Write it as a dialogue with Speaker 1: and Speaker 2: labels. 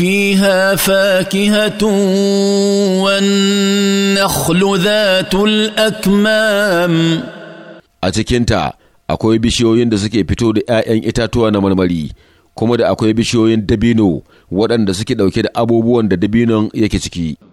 Speaker 1: فيها فاكهه والنخل
Speaker 2: ذات الاكمام a cikinta akwai bishiyoyin da suke fito da 'ya'yan itatuwa na marmari kuma da akwai bishiyoyin dabino waɗanda suke ɗauke da abubuwan da dabinon yake ciki